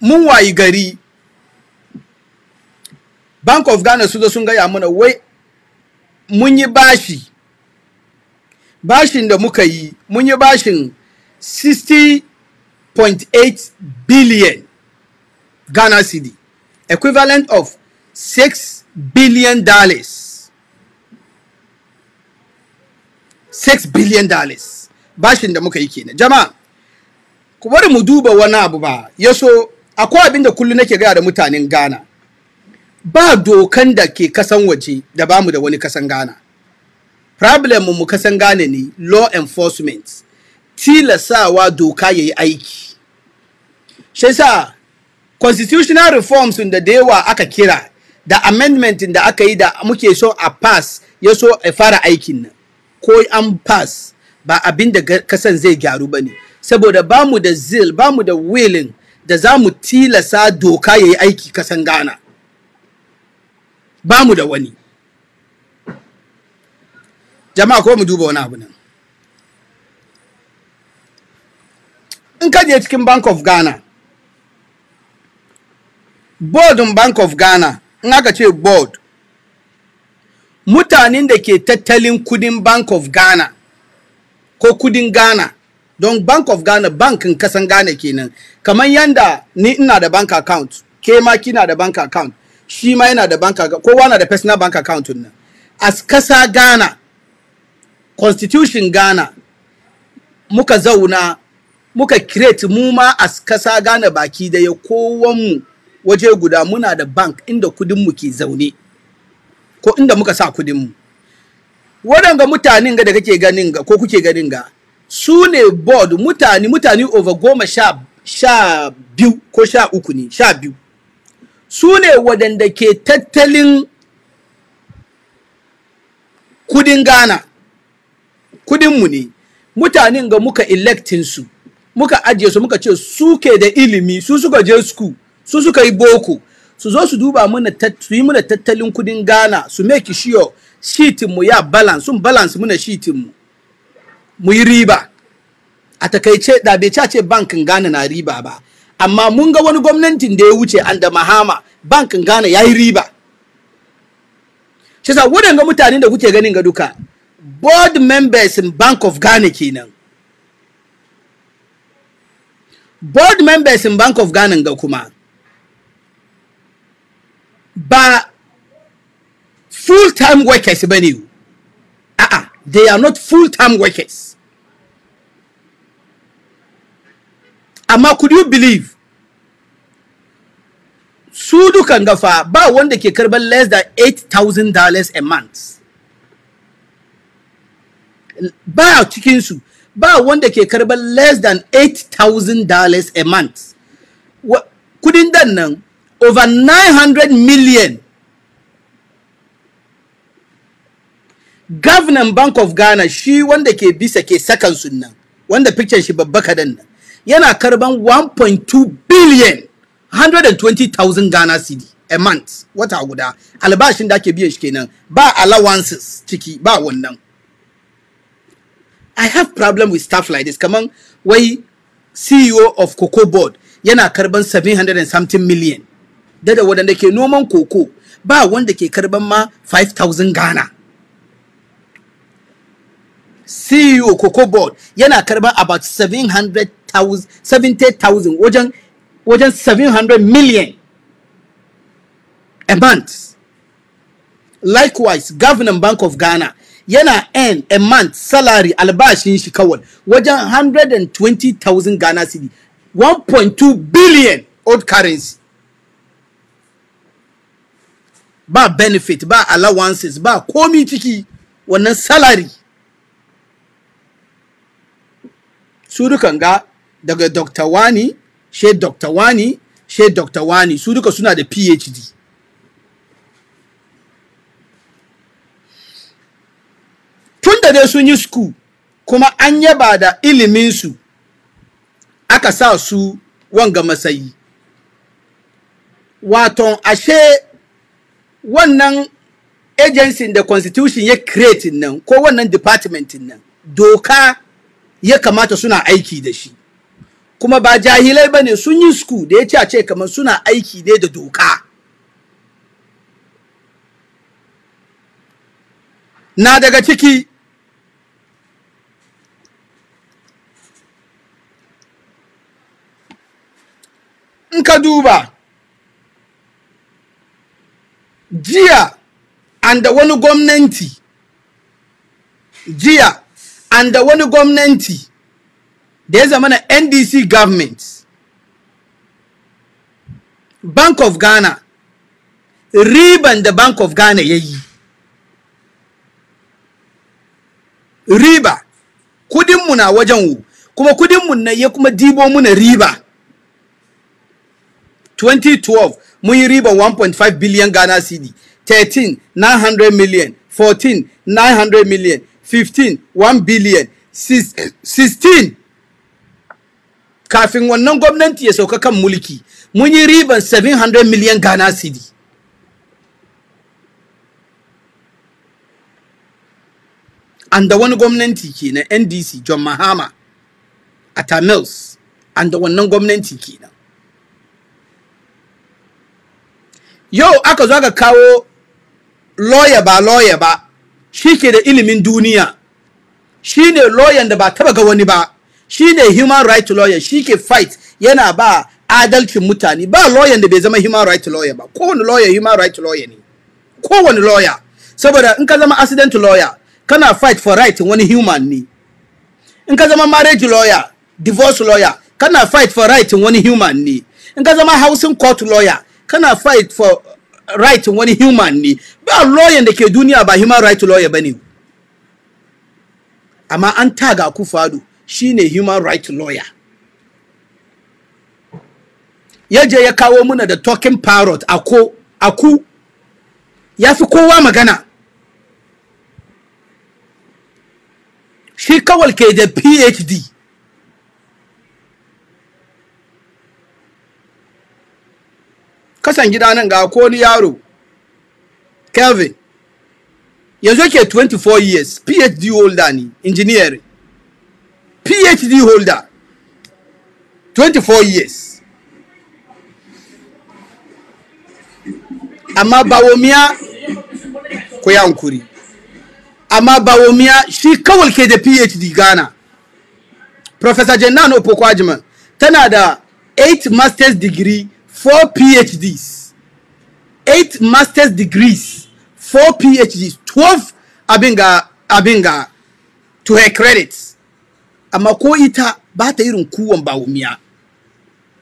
mun wayi gari bank of ghana su zo sun gaya mana wai mun yi bashi bashin da muka yi mun yi bashin 60.8 billion ghana cedi equivalent of 6 billion dollars 6 billion dollars bashin da muka yi kenan jama'a ku bari mu duba wani abu ba ya so akwai abin da kullum nake gaya da mutanen Ghana ba dokan da ke kasan waje da bamu da wani kasan Ghana problem mu kasan Ghana ne law enforcement tilasawa doka yayi aiki shi sa constitutional reforms da da yawa aka kira da amendment da aka yi da muke so a pass ya so a fara aikin nan ko an pass ba abin da kasan zai gyaru ba ne saboda bamu da zil bamu da willing da za mu tilasa doka ya yi aiki kasan Ghana. Ba mu da wani. Jama'a ko mu duba wani abu nan. In ka je cikin Bank of Ghana, Board Bank of Ghana, in aka ce board, mutanen da ke tattalin kudin Bank of Ghana ko kudin Ghana don bank of ghana bankin kasan ghana kenan kamar yanda ni ina da bank account ke ma kina da bank account shi ma yana da bank account kowa na da personal bank account nan as kasa ghana constitution ghana muka zauna muka create mu ma as kasa ghana baki da ya mu waje guda muna da bank inda kudinmu ke zaune ko inda muka sa mu waɗanga mutanen ga da kake ganin ga ko kuke ganin ga su ne board mutane mutane over goma sha sha biyu ko sha uku ne sha biyu su ne waɗanda ke tattalin kudin ghana kudinmu ne mutanen ga muka electin su muka ajiye su muka ce su ke da ilimi su suka je school su suka yi boko su zo su duba mana su yi mana tattalin kudin ghana su make sure shitin mu ya balance sun balance muna shitinmu mu Muyi riba a takaice da bai ce ce bankin gana na riba ba amma mun ga wani gwamnatin da ya wuce an da mahama bankin gana ya yi riba shi sa waɗanga mutanen da kuke ganin ga duka board members in bank of Ghana kenan board members in bank of Ghana ga kuma ba full time workers ba ne They are not full-time workers. Amma could you believe? Su dukan gafa ba wanda ke karban less than $8,000 a month. Ba cikinsu ba wanda ke karban less than $8,000 a month. Kudin dan nan over 900 million Gwamnan Bank of Ghana shi wanda ke bisa ke sakan sunan wanda picture shi babba kadan nan yana karban 1.2 billion 120,000 Ghana cedi a month wata guda albashin da ake biyan shi kenan ba allowances ciki ba wannan I have problem with stuff like this kaman wai CEO of Cocoa Board yana karban 700 and something million. Dada waɗanda ke noman koko ba wanda ke karban ma 5,000 Ghana. CEO Coco Board yana karban about 700,000 70,000 wajen wajen 700 million a month. Likewise, Governor Bank of Ghana yana earn a month salary albashin shi kawai wajen 120,000 Ghana city 1.2 billion old currency. Ba benefit, ba allowances, ba komi ciki wannan salary. su dukan ga daga dr wani she dr wani she dr wani su duka suna da phd tun da dai sun yi school kuma an yaba da iliminsu aka sa su wanga masayi waton ashe wannan agency da constitution ya create nan ko wannan department nan doka ya kamata suna aiki da shi kuma ba jahilai bane sun yi suku da ya ce a ce kamar suna aiki ne da doka na daga ciki in ka duba jiya an wani gwamnati jiya an da wani gwamnati da ya zama na ndc government bank of ghana riban da bank of ghana ya yi riba kudinmu na wajen wu kuma kudinmu na ya kuma dibo muna riba 2012 mun yi riba 1.5 billion ghana cd 13 900 million 14 900 million 15 1 billion 16 kafin wannan gwamnati ya sauka kan mulki mun yi riban 700 million ghana cedi da wani gwamnati na ndc john mahama a tamils da wannan gwamnati na yau aka zo ga kawo lawyer ba lawyer ba shi ke da ilimin duniya shi ne lawyer da ba taba ga wani ba shi ne human right lawyer shi ke fight yana ba adalcin mutane ba lawyer da bai zama human right lawyer ba kowane lawyer human right lawyer ne kowane lawyer saboda in ka zama accident lawyer kana fight for right wani human ne in ka zama marriage lawyer divorce lawyer kana fight for right wani human ne in ka zama housing court lawyer kana fight for right wani human ne ba lawyer da ke duniya ba human right lawyer ne amma an taga ku fado shine human right lawyer ya je ya kawo muna da talking parrot ako aku ya fi kowa magana shi kawal ke da phd kasan gida nan ga ko ni yaro Kelvin, yanzu yake 24 years, PhD holder ni engineering. PhD holder, 24 years. Amma bawomia ku yi hankuri. Amma bawomiya shi kawal ke da PhD Ghana. Professor Jenan Opokwajima tana da 8 master's degree, 4 PhDs. 8 master's degrees. four PhDs 12 abinga abinga to her credit amma ko ita ba ta irin kuwan bawumiya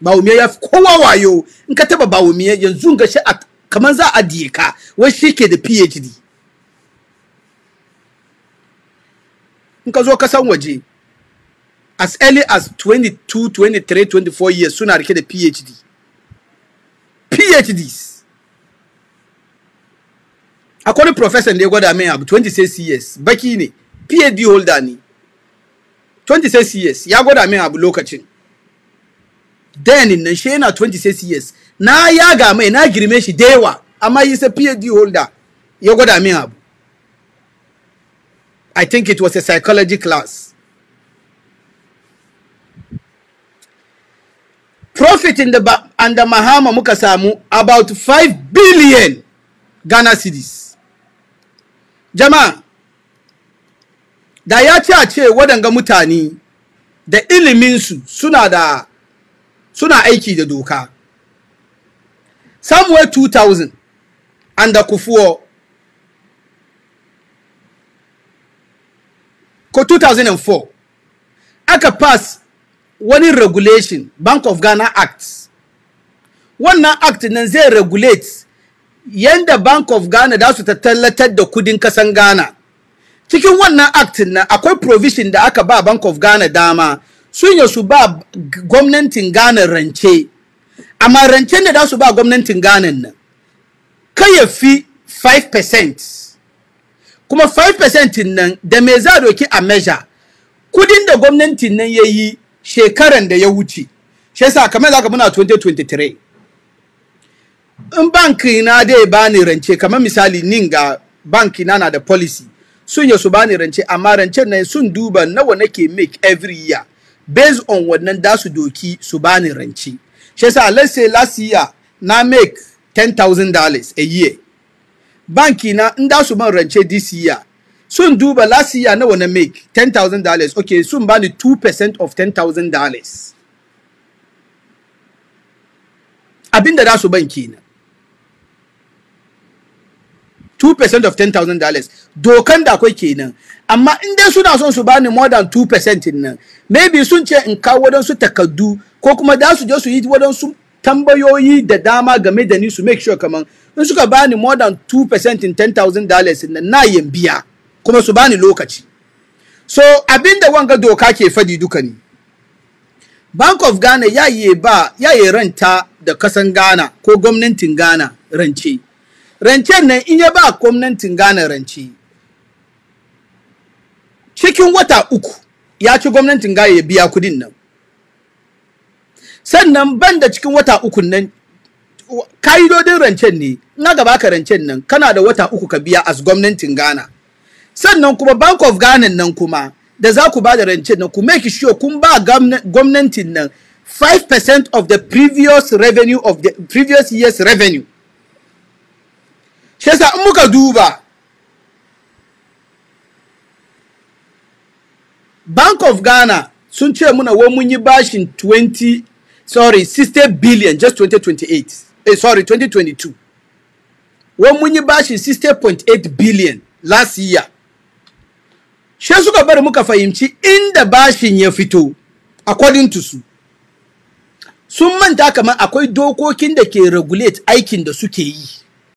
bawumiya ya fi kowa wayo in ka taba bawumiya yanzu ga shi kamar za a diye ka wai shi ke da PhD in ka zo kasan waje as early as 22 23 24 years suna rike da PhD PhDs akwai professor da ya gwada min abu 26 years baki ne phd holder ne 26 years ya gwada min abu lokacin in nan shi yana 26 years na ga mai na girme shi da yawa amma yi sa phd holder ya gwada min abu i think it was a psychology class profit in the and the mahama muka samu about 5 billion ghana cities jama'a da ya ce a ce waɗanga mutane da iliminsu suna da suna aiki da doka somewhere 2000 under kufuwa ko 2004 aka pass wani regulation bank of ghana act wannan act nan zai regulate yanda Bank of Ghana da su tallatar da kudin kasan Ghana cikin wannan act na akwai provision da aka ba Bank of Ghana dama sun su ba gwamnatin Ghana rance amma rancen da za su ba gwamnatin Ghana nan kai ya fi 5% kuma 5% nan da me za doki a measure kudin da gwamnatin nan ya yi shekaran da ya wuce shi yasa kamar zaka muna 2023 in banki na dai ba ni rance kamar misali nin ga banki na na da policy sun yasu ba ni rance amma rance na sun duba nawa nake make every year based on wannan da su doki su ba ni rance shi yasa let's say last year na make $10,000 a year banki na in da su ban rance this year sun duba last year nawa na make $10,000 okay sun ba ni 2% of $10,000 abinda da su banki na. 2% of $10,000 dokan da akwai kenan amma in dai suna son su bani more than 2% nan maybe sun ce in kawo wadansu takardu ko kuma da su je su yi wadansu tambayoyi da dama game da ni su make sure kaman in suka bani more than 2% in $10,000 nan na yin biya kuma su bani lokaci so abinda wanga doka ke fadi duka ne Bank of Ghana ya yi ba ya yi ranta da kasan Ghana ko gwamnatin Ghana rance rancen nan in ya ba gwamnatin Ghana rance cikin wata uku ya ci gwamnatin Ghana ya biya kudin nan sannan ban da cikin wata uku nan ka'idodin rancen ne na gaba ka rancen nan kana da wata uku ka biya as gwamnatin Ghana sannan kuma Bank of Ghana nan kuma da za ku ba da rancen nan ku make sure kun ba gwamnatin nan 5% of the previous revenue of the previous year's revenue shi yasa in muka duba bank of ghana sun ce muna wa mun yi bashin 20 sorry 60 billion just 2028 eh, sorry 2022 wa mun yi bashin 60.8 billion last year she suka bari muka fahimci inda bashin ya fito according to su sun manta kamar akwai dokokin da ke regulate aikin da suke yi